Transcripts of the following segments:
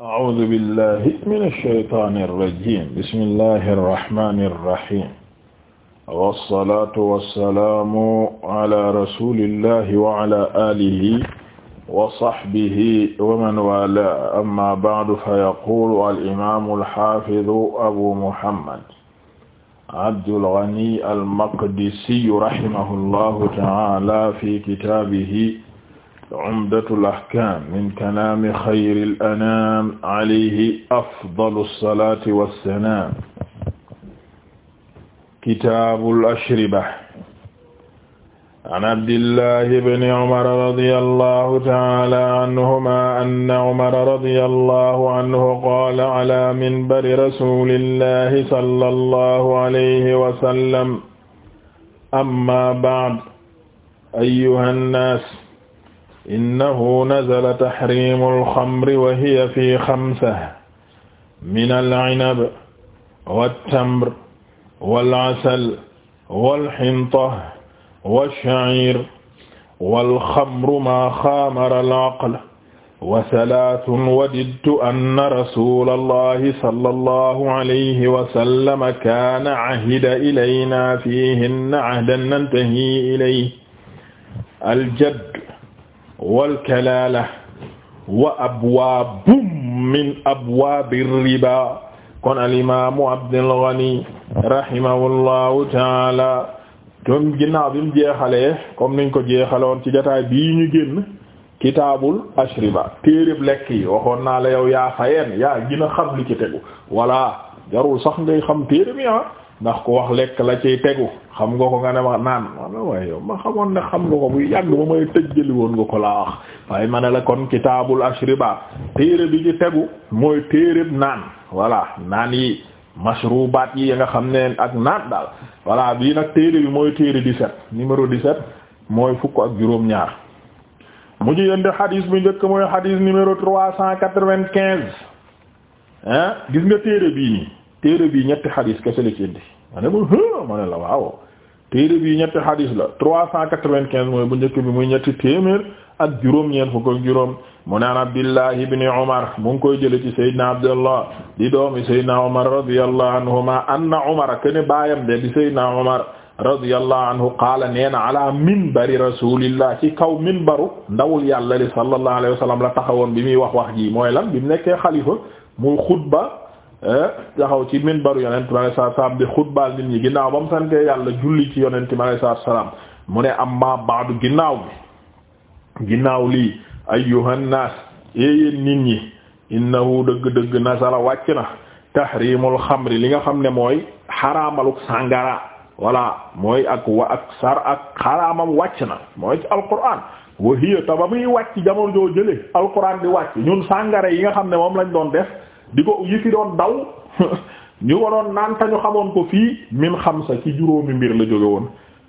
أعوذ بالله من الشيطان الرجيم بسم الله الرحمن الرحيم والصلاة والسلام على رسول الله وعلى آله وصحبه ومن والاه أما بعد فيقول الإمام الحافظ أبو محمد عبد الغني المقدسي رحمه الله تعالى في كتابه Umdatul ahkaam min kalaami xayril anaam alayhi afdalu salaati wa salaam. kitaabul ashriba. an Abdillahi bni Umar radiyallahu ta'aala anhumaa anna Umar radiyallahu anhu qaala calaa minbari rasuulillahi sallallahu alayhi wa sallam. amma ba'd ayyuhan naas. innahu nazala tahrimu alxamri wa hiya fi xamsa min alinab waltamr walasal walxinta walshacir walxamru maa xaamara alaql wa salaatun wadidtu anna rasula allahi sallallahu alayhi wa sallam kaana cahida ilayna fiihinna cahdan nantahi ilayhi aljad walkalala wa abwaabum min abwaabi riba kon alimamu Abdul Ghani rahimahullahu taala tom ginnaaw bi mu jeexalee comme niñ ko jeexaloon ci jotaay bii ñu génn kitaabul ashriba téereb lekk yi waxoon naa la yow yaa fayeen yaa gën a xam sax ngay xam téere bi ah. ndax ku wax lekk la ciy tegu xam nga ko nga ne ma naan wala ma xamoon ne xam nga ko bu yàgg ba may tëjjali woon nga ko laa wax waaye ma ne la kon kitaabul ashriba téere bi ci tegu mooy téereb naan voilà naan yi mashrubaat yi nga xam ne ak naan daal voilà bii nag téere bi mooy téere 17 numéro 17 mooy fukk ak juróom ñaar mu ji yëndi xadis bu njëkk mooy xadis numéro 395 hein gis nga téere bii nii téere bii ñetti xadis kese la ci ma ne ma ma ne la waaw téere bi ñetti xadis la trois cent quatre mooy bu njëkk bi muy ñetti téeméer ak juróom ñeen fukk ak juróom mu naan Abdillah ibn Umar mu ngi koy jële ci di doomi Seydina Umar radiyallahu anhuma anna Umar kene baayam de di Seydina Umar radiyallahu anhu qaala nee na ala minbari rasulillah ci kaw minbaru ndawul yàlla li sallallahu alayhi wa sallam la taxawoon bi muy wax wax ji mooy lan bi mu nekkee xalifa muy xutba Eh? taxaw ci minbaru yonent bi alayhi salaam di xutbaal nit ñi ginnaaw ba mu sante yàlla julli ci yonent bi alayhi salaam mu ne am amma baadu ginnaaw bi ginnaaw lii ayyuhan naas yéen nit ñi innahu dëgg-dëgg nasala wàcc na tahrimul xamri li nga xam ne mooy xaraamaluk sàngara walla mooy ak wa ak sar ak xaraamam wàcc na mooy ci alquran wa hiya ba muy wàcc jamono joo jële alquran di wàcc ñun sàngara yi nga xam ne moom lañ doon def di ko yi fi doon daw ñu ko doon naan tañu xamoon ko fii min sa ci juróomi mbir la jóge woon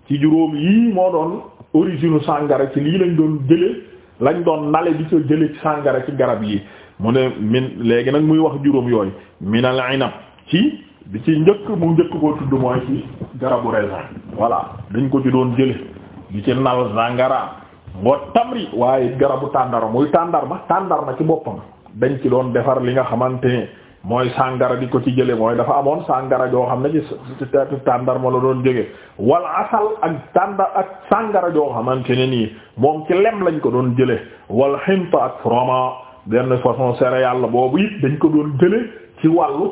ci juróom yii moo doon origine sàngara ci lii lañ doon jële lañu doon nale bi ko jële ci sàngara ci garab yi mu ne min léegi nag muy wax juróom yooyu minal inab ci bi ci njëkk mu njëkk koo tudd mooy ci garabu raisin voilà dañ ko ci doon jële di ci nal sàngara ngoo tamri waaye garabu tàndara muy tàndarma tàndarma ci boppam dañ ci doon defar li nga xamante ne mooy sàngara di ko ci jële mooy dafa amoon sàngara joo xam ne ci tàndarma la doon jóge wala asal ak ak sàngara joo xamante ne nii moom ci lem lañ ko doon jële wala xinta ak froment benn façon céréale la boobu it dañ ko doon jële ci wàllu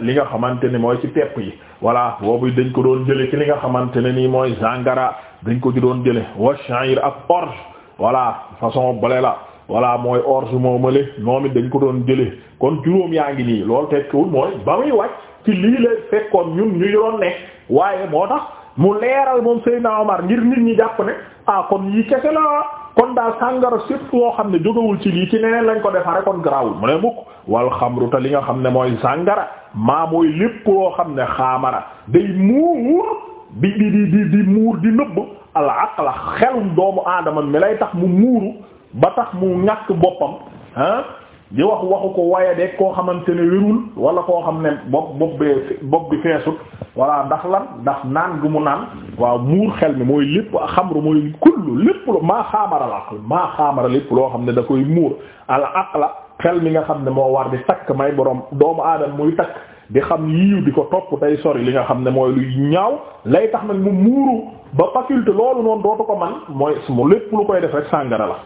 li nga xamante ne mooy ci pepp yi voilà boobu dañ ko doon jële ci li nga xamante ne nii mooy sàngara dañ ko ci doon jële wa sha'ir ak orge voilà façon bole la voilà mooy orge moo moom it dañ ko doon jëlee kon juróom yaa ngi nii loolu tekkiwul mooy ba muy wàcc ci lii la fekkoon ñun ñu yoroon ne waaye moo tax mu leeral moom Seydina Omar ngir nit ñi jàpp ne ah kon yi kese la kon daal sàngara sépp loo xam ne jógawul ci lii ci neneen lañ ko defare kon garaawul mu ne mukk wal xamru li nga xam ne mooy sàngara maa mooy lépp woo xam ne xaamara day muur di di di di muur di nëbb al aqla xelum doomu aadama mi lay tax mu muuru ba tax mu ñàkk boppam ah di wax waxu ko waaye de koo xamante ne wérul wala koo xam ne bopp bopp bee bopp bi feesut voilà ndax lan ndax naan gu mu naan waaw muur xel mi mooy lépp xamru muy kullu lépp lu maa xaamara al aql xaamara lépp loo xam ne da koy muur al aqla xel mi nga xam ne moo war di takk may borom doomu aadama muy takk di xam yiiw di ko topp day sori li nga xam ne mooy luy ñaaw lay tax nag mu muuru ba faculté loolu noonu dootu ko man mooy su mu lépp lu koy def rek sàngara la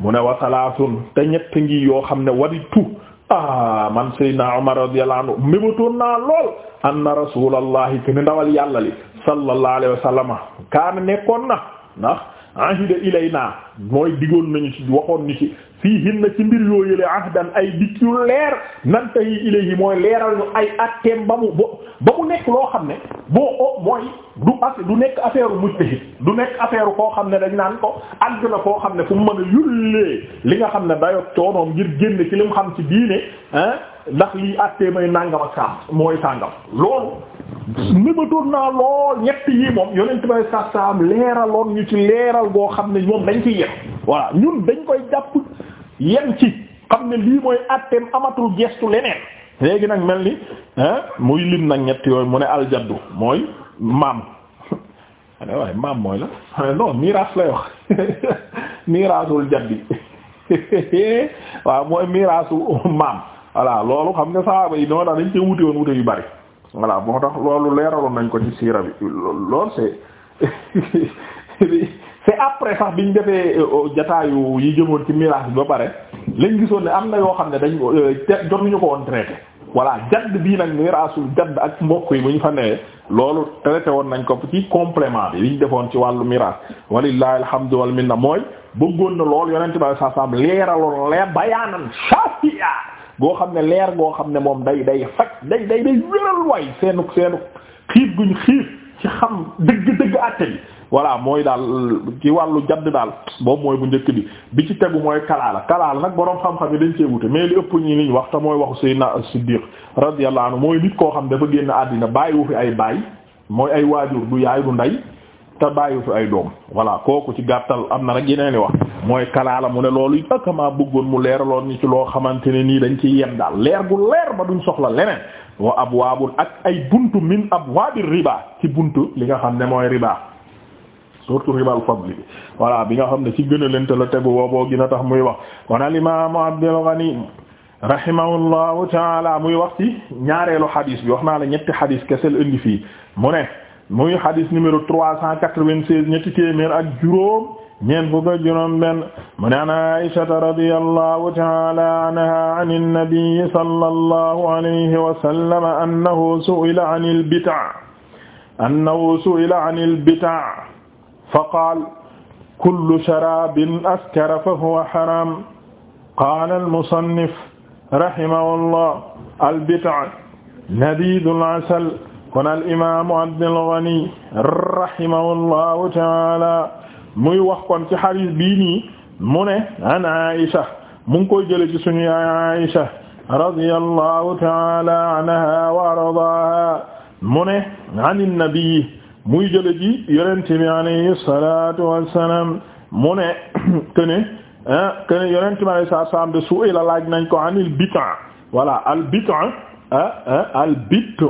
mu ne wa salaatun te ngi yoo xam ne waditu ah man Seydina Umar radiyallahu anhu mébatoon naa lool anna rasulallahi ke ne ndawal yàlla sallallahu alayhi wa kaana nekkoon na ndax ahida ilayna mooy digoon nañu ci waxoon ni ci fii hinna ci mbir yoo yële ahdan ay dikk yu leer nantahi ilayhi mooy leeral ñu ay atteem ba mu ba mu nekk loo xam ne boo o oh, mooy du as du nekk affaire mujtahid du nekk affaire koo xam ne dañ naan ko àgg na koo xam ne fu mu mën a yullee li nga xam ne dayoo coonoom ngir génn ci lim xam ci diine ah ndax lii attee may nàngam ak mooy sàngam loolu mëbatoon naa lool ñett yi moom yonent bay saasaam leeraloon ñu ci leeral boo xam ne moom dañ ci yem waa ñun dañ koy jàpp yem ci xam ne lii mooy àtteem amatul gestu leneen léegi nag mel ni muy lim nag ñett yooyu mu ne aljaddu mooy maam ane waaye maam mooy la non miraas lay wax miraasul jaddi waaw mooy miraasu maam voilà loolu xam nga saaba yi noonu dañ ci wute wute yu bari voilà moo tax loolu leeraloon nañ ko ci siira bi loolu c'est c'est après sax biñ defee euh, jataayu yi jëmoon ci miraas bi ba pare lañ gisoon ne am na yoo xam ne dañ euh, jotuñu ko woon traité voilà jadd bii nag miraasul jadd ak mbokk yi bu ñu fa newee loolu traité woon nañ ko ci complément bi yi ñu defoon ci wàllu miraas walillahi alhamdu wal minna mooy bëggoon na lool yonent bi sallallahu alayhi wasallam leeraloon leer bayaanan shafiya boo xam ne leer goo xam ne moom day day faj day day day wéral way seenu seenu xiif guñ xiif ci xam dëgg-dëgg àtte bi voilà mooy daal ci wàllu jadd daal boobu mooy bu njëkk bi bi ci tegu mooy kalaala kalaala nag boroom xam-xam yi dañ cee wute mais li ëpp ñi liñ wax te mooy waxu Seydina Siddiq radiyallahu anhu mooy nit koo xam dafa génn àddina bàyyi wu fi ay baay mooy ay waajur du yaay du ndey te bàyyi fi ay doom voilà kooku ci gàttal am na rek yeneen i wax mooy kalaala mu ne loolu yi akama bëggoon mu leeraloon ñu ci loo xamante ne nii dañ ci yem daal leer gu leer ba duñ soxla leneen wa abwaabul ak ay bunt min abwaabi riba ci bunt li nga xam ne mooy riba surtout ribal fadli bi voilà bi nga xam ne ci gën a lente la tegu booboo gën a tax muy wax kon al imaamu Abdul Ghani rahimahullahu taala muy wax ci ñaareelu xadis bi wax naa la ñetti xadis kese la indi fii muy hadis numéro trois cent quatre-vingt-seize ñetti téeméer ak juróom ñeent fukk ak juróom benn mu ne an Aysata radiyallahu ta'ala anha an an-nabi sallallahu alayhi wa sallam annahu su'ila 'anil bid'a annahu su'ila 'anil bid'a fa qaala kullu sharabin askara fa huwa haram qaala al-musannif rahimahullah al-bid'a nabidul 'asal kon al imaamu Abdul Ghani rahimahullahu taala muy wax kon ci xadis bii nii mu ne an Aisha mu ngi koy jële ci suñu yaay Aisha radiyallahu taala anha wa ardaaha mu ne an nabi muy jële ci yonent bi alayhi salaatu wassalaam mu ne kene eh, kene yonent bi alayhi salaatu wassalaam de su ila laaj nañ ko anil bid'a wala al bid'a al bid'u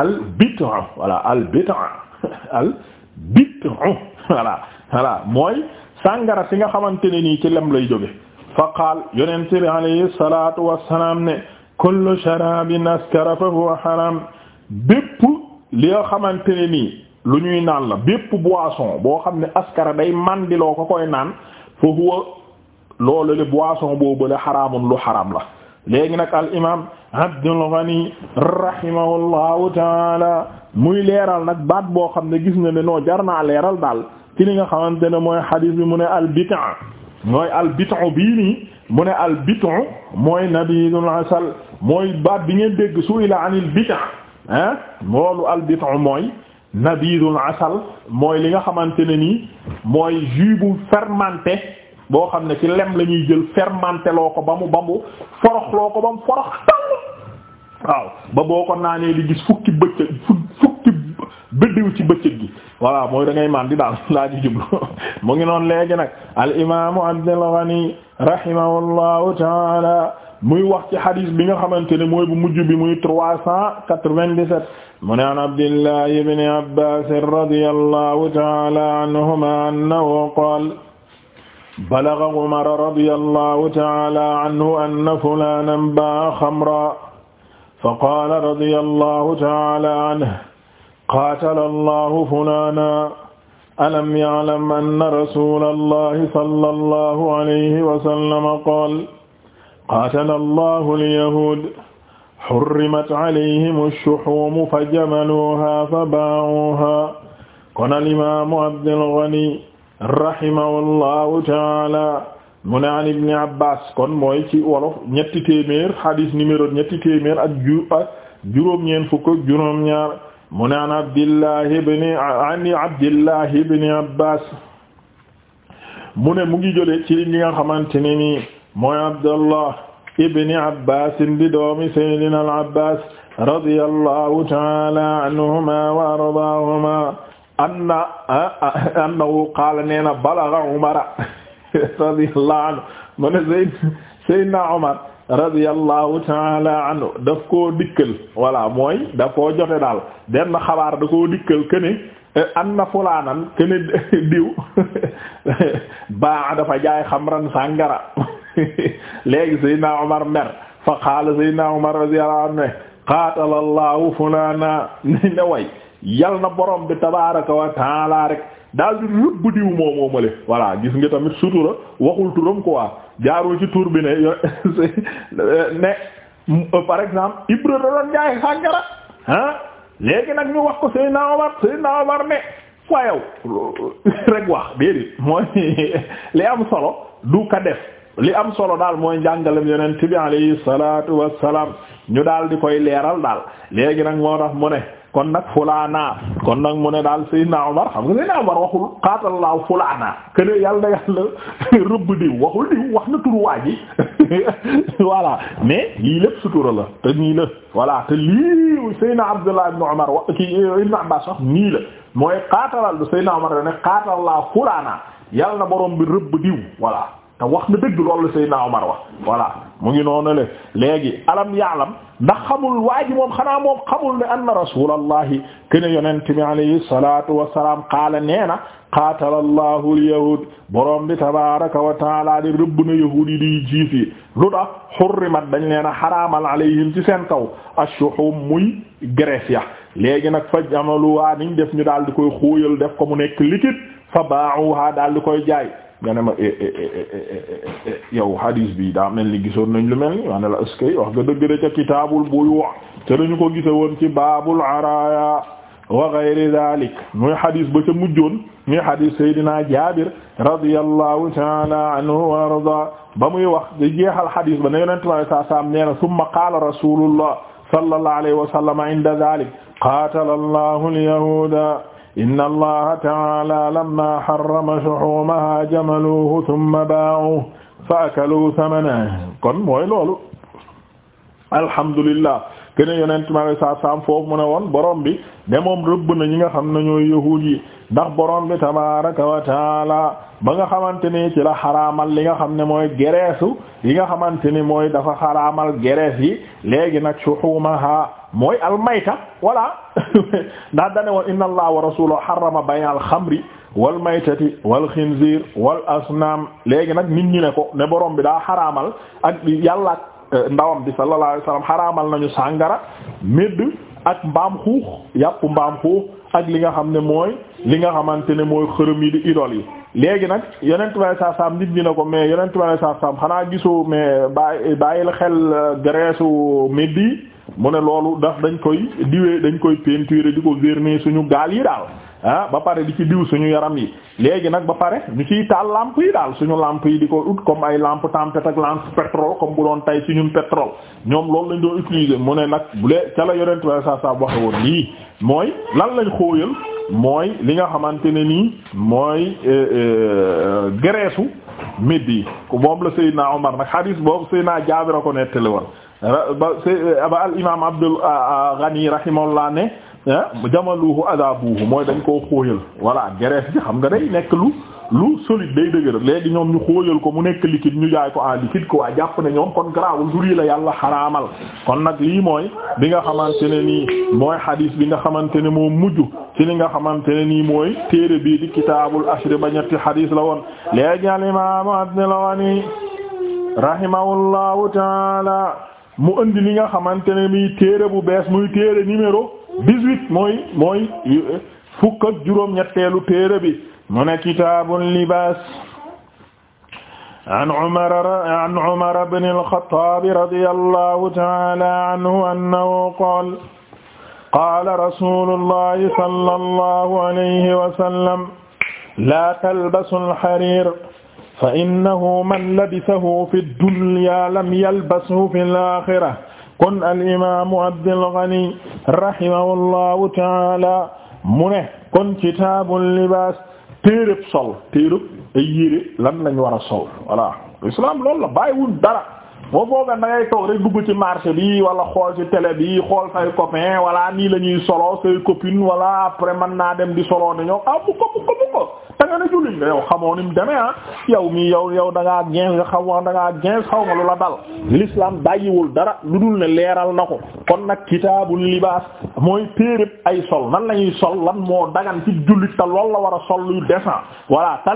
al bid'u voilà al bid'u al bid'u mooy sàngara si nga xamante ni nii ci lem lay jóge fa qaal yonent bi alayhi salaatu wassalaam ne kullu sharabin askara fa huwa haram bépp li nga xamante ne nii lu ñuy naan la bépp boisson boo xam ne askara day mandiloo ko koy naan fa huwa loolu le boisson boobu la xaraamun lu xaram la léegi nag al imam Abdul Ghani rahimahullahu taala muy leeral nag baat boo xam ne gis nga ne noo jar naa leeral daal ci li nga xamante ne mooy xadiis bi mu ne al bid'a mooy al bid'a bii nii mu ne al bid'a mooy nabiyul asal mooy baat bi ngeen dégg su ila anil bid'a ah loolu al bid'a mooy nabiyul asal mooy li nga xamante ne nii mooy jus bu boo xam ne ci lem la ñuy jël fermenté loo ko ba mu ba forox loo ko ba forox waaw ba boo ko naanee di gis fukki bëccëg fukki ci bëccëg gi voilà mooy da ngay maan di daal laa ji jublu mu ngi noonu léegi nag al imaamu Abdul Ghani rahimahullahu taala muy wax ci hadis bi nga xamante ne mooy bu mujj bi muy trois cent balagha Umar radiyallahu ta'ala anhu anna fulanan ba'a khamran faqaala radiyallahu ta'ala anhu qaatala allahu fulaana alam ya'lam anna rasuulallahi sallallahu alayhi wa sallam qaala qaatala allahu al-yahuud hurrimat alayhimu ash-shuhuumu fa jamaluuhaa fa baa'uuhaa kon al-imaamu Abdul Ghani rahimahullahu taala mu ne an ibni abbas kon mooy ci wolof ñetti téeméer hadis numéro ñetti téeméer ak ju ak juróom-ñeent fukk ak juróom mu ne an abdillahi ibni an abdillahi mu ne mu ngi jële ci li nga xamante ne nii mooy abdallah ibni abbas di doomi sayyidina al abbas radiyallahu taala anhuma wa anna annahu qaala nee na balagha umara radiyallahu anhu mu ne Seyd Seydina Umar radiyallahu taala anhu daf koo dikkal voilà mooy daf koo jote daal benn xabaar da koo dikkal këne anna fulaanan këne diw baa dafa jaay xamran sàngara léegi Seydina Umar mer fa qaala Seydina Umar radiyallahu anhu ne qaatalallahu fulaana ne way yal na borom bi tabaaraka wa taala rek daal di rëbb diw moo moomale voilà gis nga tamit sutura waxul turam quoi jaarul ci tur bi ne ne euh, par exemple Ibra doon jaay sàngara ah léegi nag ñu wax ko Seydina Omar Seydina Omar ne quoi yow rek wax déedéet mooy li am solo du ka def li am solo daal mooy njàngalem yonent bi alayhi salaatu wassalaam ñu daal di koy leeral daal léegi nag moo tax mu ne kon nag fulaana kon nag mu ne daal Seydina Omar xam nga Seydina waxul qaatalallahu fulaana kene yàlla na yàlla rëbb diw waxul diw wax na turu waa ji voilà mais lii lépp sutura la te nii la voilà te lii Seydina Abdullah ibn Omar wa ki ibn Abbas wax nii la mooy qaatalal Seydina Omar da ne qaatalallahu fulaana yàlla na borom bi rëbb diw voilà te wax na dëgg loolu Seydina Omar wax voilà mu ngi noonu le léegi alam yaalam ndax xamul waa ji moom xanaa moom xamul ne anna rasulallahi kene yonent bi alayhi salatu wasalaam qaala nee na qaatala allahu alyahud borom bi tabaraka wa taala di rëbb na yahuudi di jiif yi lu tax xurrimat dañ leen a xaraamal alayhim ci seen kaw ashuhum muy graisse ya léegi nag fa jamaluwaa niñ def ñu daal di koy xóoyal def ko mu nekk liquide fa baaxuwaa daal di koy jaay nga ne ma eh, eh, eh, yow hadis bi daa mel ni gisoon nañ lu mel ni maa ne la ëskay wax nga dëgg de ca kitaabul buyu' te dañu ko gise woon ci baabul araya wa ghayri dhalik muy hadis ba ca mujjoon muy hadis Seydina Jaabir radiyallahu ta'ala anhu wa arda ba muy wax da jeexal hadis ba ne yonente mi alai saa salaam nee na summa qaala rasulullah sallallahu alayhi wa sallam inda dhalik qaatala allahu al-yahuuda inna allaha taala lamma harrama shuhumaha jamaluhu thumma ba'uhu fa akalu thamanahu kon mooy loolu alhamdulillah kene yonent ma saa saam foofu mu ne woon boroom bi de moom rëbb na ñi nga xam ne ñooy yahuud yi ndax boroom bi tabaraka wa taala ba nga xamante ni ci la xaraamal li nga xam ne mooy gereesu yi nga xamante ni mooy dafa xaraamal gerees yi léegi nag shuhumaha mooy almayta walla ndax dane woon inna allaha wa rasuluhu harrama bayna alxamri wal maytati wal xinziir wal asnaam léegi nag nit ñi ne ko ne borom bi daa xaraamal ak yàlla ndawam bi sallallahu alayhi wasallam xaraamal nañu sàngara médd ak mbaam xuux yàpp mbaam xuux ak li nga xam ne mooy li nga xamante ne mooy xërëm yi di idole yi léegi nag yonent bi saa saam nit ñi ne ko mais yonent bi saa saam xanaa gisoo mais bàyyi la xel euh, graisse médd yi mu ne loolu daf dañ koy diwee dañ koy peinturer di ko vernis suñu gaal yi daal ah ba pare di ci diw suñu yaram yi léegi nag ba pare ñu ciy taal làmp yi daal suñu làmp yi di ko ut comme ay lampe tempête ak lampe pétrole comme bu doon tay ci ñun pétrole ñoom loolu lañu doon utiliser mu ne nag bu lee ca la yonent ba sa sa waxe woon lii mooy lan lañ xóoyal mooy li nga xamante ne nii mooy euh, euh, gereesu midi moom la Seydina Omar nag hadis boobu Seydina Jaabir a ko nettali woon ba ba al imam Abdul Ghani rahimahullah ne Ah jamaluhu adabuhu mooy dañ koo xóoyal voilà graisse bi xam nga day nekk lu lu solide day dëgër léegi ñoom ñu xóoyal ko mu nekk liquide ñu jaay ko en ko quoi jàpp ne ñoom kon garaawul duri la yàlla xaraamal kon nag lii mooy bi nga xamante ne nii mooy hadis bi nga xamante ne moom mujj ci li nga xamante ne nii mooy téere bii di kitaabul ba ñetti hadis la woon léegi al imam Abdul Ghani rahimahullahu taala mu indi li nga xamante ne mii téere bu bees muy té numéro dix-huit mooy mooy fukk ak juróom-ñetteelu téere bi mu ne kitaabul libaas an Umar an Umar ibn al-Khattaab radiyallahu ta'ala anhu annahu qaala qaala rasuulullahi sallallahu alayhi wa sallam laa talbasul hariir fa innahu man labisahu fi dunya lam yalbashu fil aaxira kon al imaamu Abdul Ghani rahimahullahu taala mu ne kon kitaabul libaas téereb sol téereb ay yére lan lañ war a sol voilà islam loolu la bàyyiwul dara. boo foogan da ngay toog rek dugg ci marché bi wala xool ci télé bi xool say copain wala nii la ñuy solo say copine wala après mën naa dem di solo ne ñoom ah bu ko bu ko ne jullit nga yow xamoo ni mu demee ah yow mii yow yow da ngaa gens nga xam wax da ngaa gens xaw ma lu la dal l'islam bàyyiwul dara lu dul ne leeral na ko kon nag kitaabul libaas mooy téereb ay sol man la ñuy sol lan moo dagan ci jullit te loolu la war a sol luy décent voilà te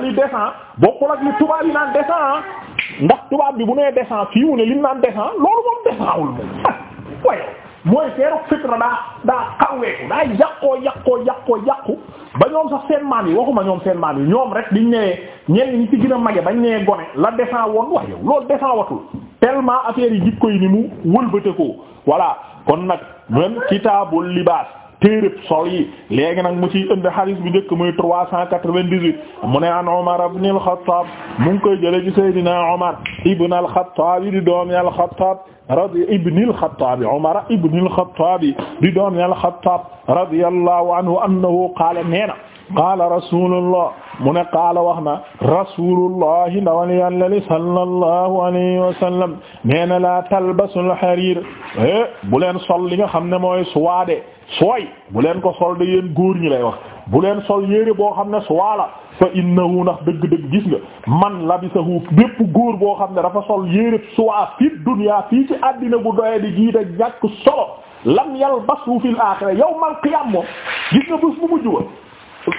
ndax tubaab bi bu nee descend fii ne lim naan descend loolu moom descendul moom waaye mooy seeru fitra daa daa xawweeku daa yàqoo yàqoo yàqoo yàqu ba ñoom sax seen maam yi waxuma ñoom seen maam yi ñoom rek diñ nee ñenn ñi ci gën a mage bañ nee gone la descend woon wax loolu descend watul tellement affaire yi jikko yi ni mu wëlbate ko voilà kon nag même kitaabul libaas téeréb sol yi léegi nag mu ciy ënd hadis bu njëkk muy trois cent quatre-vingt-dix-huit mu ne an Umar ibn al-Khattab mu ngi koy jële ci Seydina Umar ibn al-Khattab di doomi al-Khattab radi ibni al-Khattab Umar ibn al-Khattab di doomi al-Khattab radiyallahu anhu annahu qaala nee na qaala rasulullah mu ne qaala wax na rasulullahi ndawal yàlla li sallallahu alayhi wa sallam nee na laa talbasul harir eh, bu leen sol li nga xam ne mooy suwaade sooy bu leen ko sol de yéen góor ñi lay wax bu leen sol yére boo xam ne suwaala fa innahu ndax dëgg-dëgg gis nga man labisahu bépp góor boo xam ne dafa sol yére suwaa fi dunya fii ci àddina bu doye di jiita ñàkk solo lam yalbasu fil axira yawmal qiyaam moom gis nga bés bu mujj ba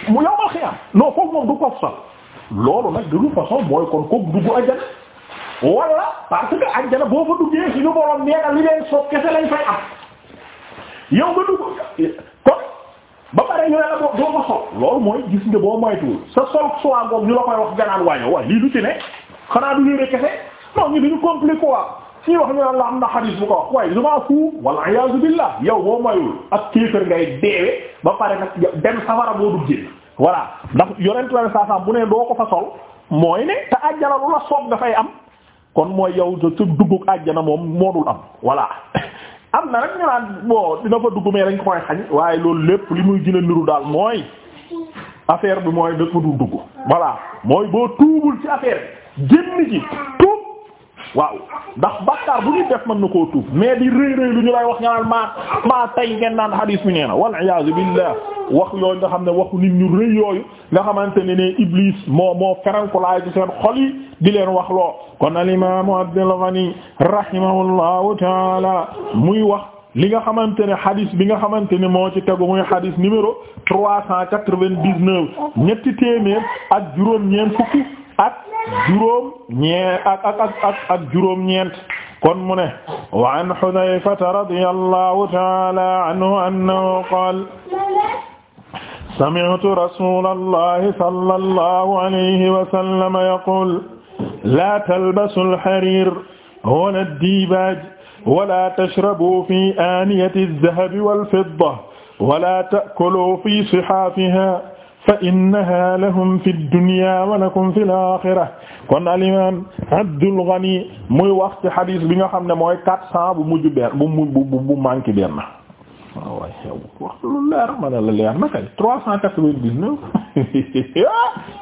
mu yowmal xiyam non kooku moom du ko sal loolu nag de toute façon mooy kon kooku dugg ajjana wala parce que ajjana boo fa duggee suñu borom neena li leen soob kese lañ fay am yow nga dugg kon ba pare ñu ne la doo ko sol loolu mooy gis nga boo moytuwul sa sol soit ngoog ñu la koy wax ganaan waaño waaye lii lu ci xanaa du léere kese non ñu dañu compliqué quoi fii wax ñu naan la am na xadis bu ko wax waaye je m'en fous wala iyaazu billah yow boo mayul ak kéefër ngay deewe ba pare nag dem safara boo dugg jënd voilà ndax yonent la saa saa bu ne doo ko fa sol mooy ne te àjjana lu la soob dafay am kon mooy yow te duggug àjjana moom moodul am voilà. am na rek ñu naan bon dina fa dugg mais dañ ko koy xañ waaye loolu lépp li muy gën a niru daal mooy affaire bi mooy dafa du dugg voilà mooy boo tuubul ci affaire waaw ndax bàkkaar bu ñu def mën na ko tuub mais di rëy rëy lu ñu lay wax nga naan maa maa tey ngeen naan hadis bi nee na wal iyaazu billah wax yooyu nga xam ne waxu nit ñu rëy yooyu nga xamante ne ne Iblis moo moo ferenkulaay ci seen xol yi di leen wax loo kon al imaamu Abdul Ghani rahimahullahu taala muy wax li nga xamante ne hadis bi nga xamante ne moo ci tegu muy hadis numéro trois cent quatre vingt dix ñetti téeméer ak juróom-ñeent fukki ak juróom ñee ak ak ak ak juróom ñeent kon mu ne wa an Hudhayfata radiyallahu ta'ala anhu annahu qaala sami'tu rasulallahi sallallahu alayhi wa sallam yaqul laa talbasu al-hariir wala ad-diibaaj wala tashrabuu fi aaniyati adh-dhahabi wal-fidda wala ta'kuluu fi sihaafihaa fa innaha lahum fi dunya wa lakum fi al-akhirah kon al-imam Abdul Ghani muy wax ci xadis bi nga xam ne mooy quatre cent bu mujj benn bu mu bu bu manqué benn ah waaye yow wax lu leer ma ne la leer na kay trois cent quatre-vingt-dix-neuf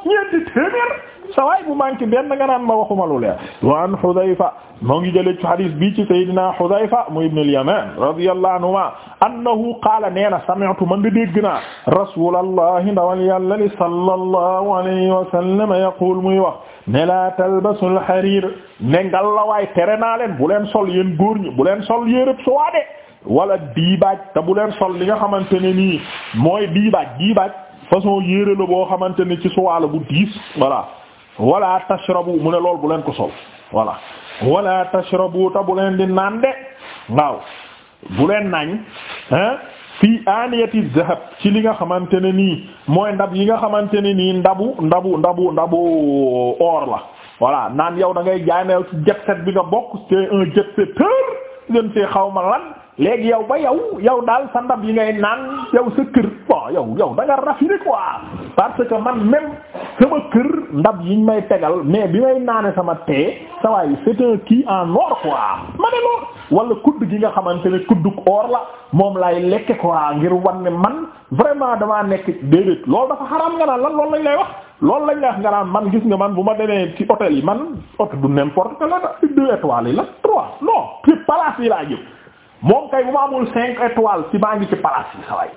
ñeenti téeméer sa waay bu manqué benn nga naan ma waxuma lu leer wa an Hudayfa moo ngi jëlee ci hadis bi ci Seydina Hudayfa mu ibn al-Yaman radiyallahu anhuma annahu qaala nee na sami'tu man di dégg naa rasulallahi ndawal yàlla li sallallahu alayhi wa sallam yaqul muy wax ne la talbasu al-harir ne ngal la waay tere naa leen bu leen sol yéen góor ñi bu leen sol yérëb suwaade wala diibaaj te bu leen sol li nga xamante ne nii mooy diibaaj diibaaj façon yére la boo xamante ne ci suwaala bu diis voilà wala tashrabu mu ne lool bu leen ko sol voilà wala tashrabu te bu leen di naan de waaw bu leen nañ hein fii aniyati zahab ci li nga xamante ne nii mooy ndab yi nga xamante ne nii ndabu ndabu ndabu ndabu or la voilà naan yow da ngay jaay na yow ci jet bi nga bokk c'est un jet seteur gën see xaw ma lan léegi yow ba yow yow daal sa ndab yi ngay naan yow sa kër bon yow yow da nga raffiné parce que man même sama kër ndab yiñ may tegal mais bi may naane sama tee sa waay c'est un kii en or quoi ma lool wala kudd gi nga xamante ne kudduk or la moom lay lekke quoi ngir wan ne man vraiment damaa nekk déedéet loolu dafa xaraam nga naan lan loolu lañ lay wax loolu lañ lay wax nga naan man gis nga man bu ma demee ci hôtel yi man hôtel du n'importe quel la deux la trois non puis laa jëm moom kay bu ma amul cinq étoiles ci maa ngi ci palace yi saway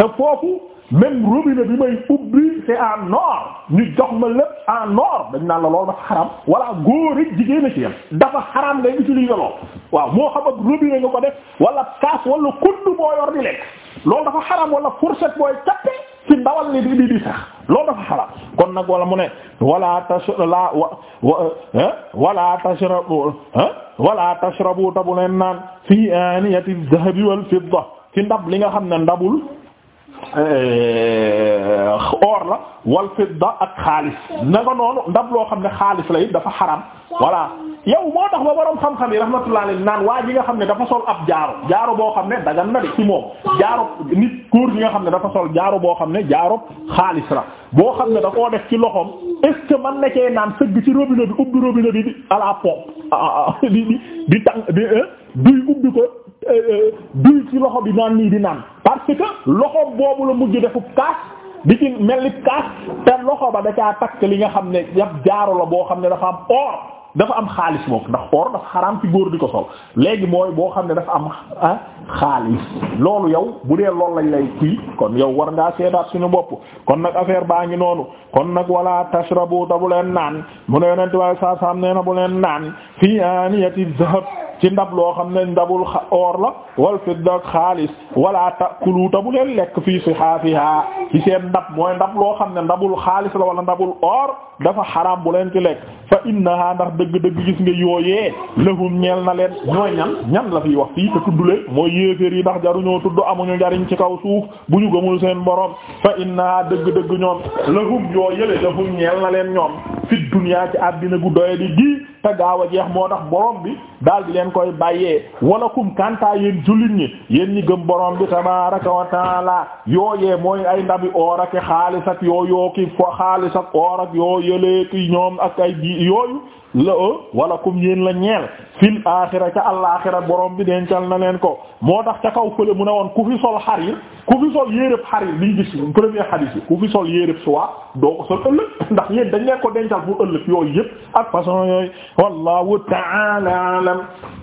te foofu même robinet bi may ubbi c'est en or ñu jox ma lépp en or dañ naan la loolu dafa xaram wala góor rek jigéen a ci yam dafa xaram ci utiliser lool waaw moo xam ak robinet nga ko def wala kaas wala kudd boo yor di lekk loolu dafa xaram wala fourchette booy cappe ci ndawal li di di sax loolu dafa xalaat kon nag wala mu ne wala tashra la eh, wala tashra eh, wala tashrabu tabu leen naan fi aniyati dhahabi wal fidda ci ndab li nga xam ne ndabul Euh, or la wal da ak xaalis na nga noonu ndab loo xam ne xaalis la it dafa xaram voilà yow moo tax ba borom xam-xam yi rahmatullah alayhi naan waa ji nga xam ne dafa sol ab jaaro jaaro boo xam ne dagan na de ci moom jaaro nit góor gi nga xam ne dafa sol jaaro boo xam ne jaaro xaalis la boo xam ne da koo def ci loxoom est-ce que man na naan sëgg ci robinet bi ubbi robinet bi à la pompe di di duy ubbi ko duy ci loxo bi naan nii di naan parce que loxo boobu la mujj defu kaas di ci mel ni kaas te loxo ba da caa takk li nga xam ne yab jaaro la boo xam ne dafa am or dafa am xaalis boobu ndax or dafa xaraam ci góor di ko sol léegi mooy boo xam ne dafa am ah xaalis loolu yow bu dee loolu lañ lay kii kon yow war ngaa seetaat suñu bopp kon nag affaire baa ngi noonu kon nag wala tashrabu ta bu leen naan mu ne yonente waaye saa saam nee na bu leen naan fii aniyati dhahab ci ndab loo xam ne ndabul or la wal fidda ak xaalis wala taakulu ta bu leen lekk fii sihaafiha ci seen ndab mooy ndab loo xam ne ndabul xaalis la wala ndabul or dafa xaraam bu leen ci lekk fa innaha ndax dëgg-dëgg gis nga yooyee lahum ñeel na leen ñooy ñan ñan la fiy wax fii te tudd leen mooy yéeféer yi ndax jaruñoo tudd amuñu njariñ ci kaw suuf bu ñu gëmul seen borom fa innaha dëgg-dëgg ñoom lahum yoo yële ñeel na leen ñoom fi dunya ci àddina gu doye gaaw a jeex moo tax ngeen koy bàyyee walakum kantaa yéen jullit ñi yéen ñi gëm borom bi tabaraka wa taala yooyee mooy ay ndabi oor ak xaalis ak yoo yoo ki fo xaalis ak oor ak yoo yëleeki ñoom ak ay ji yooyu la walakum yéen la ñeel fil aaxira ca alaaxira borom bi dencal na leen ko moo tax ca kaw fële mu a woon ku fi sol xarir ku fi sol yéereb xarir liñ gis premier hadith yi ku fi sol yéereb soie doo ko sol ëllëg ndax yéen dañ leen ko dencal bu ëllëg yooyu yëpp ak façon yooyu wallahu ta'ala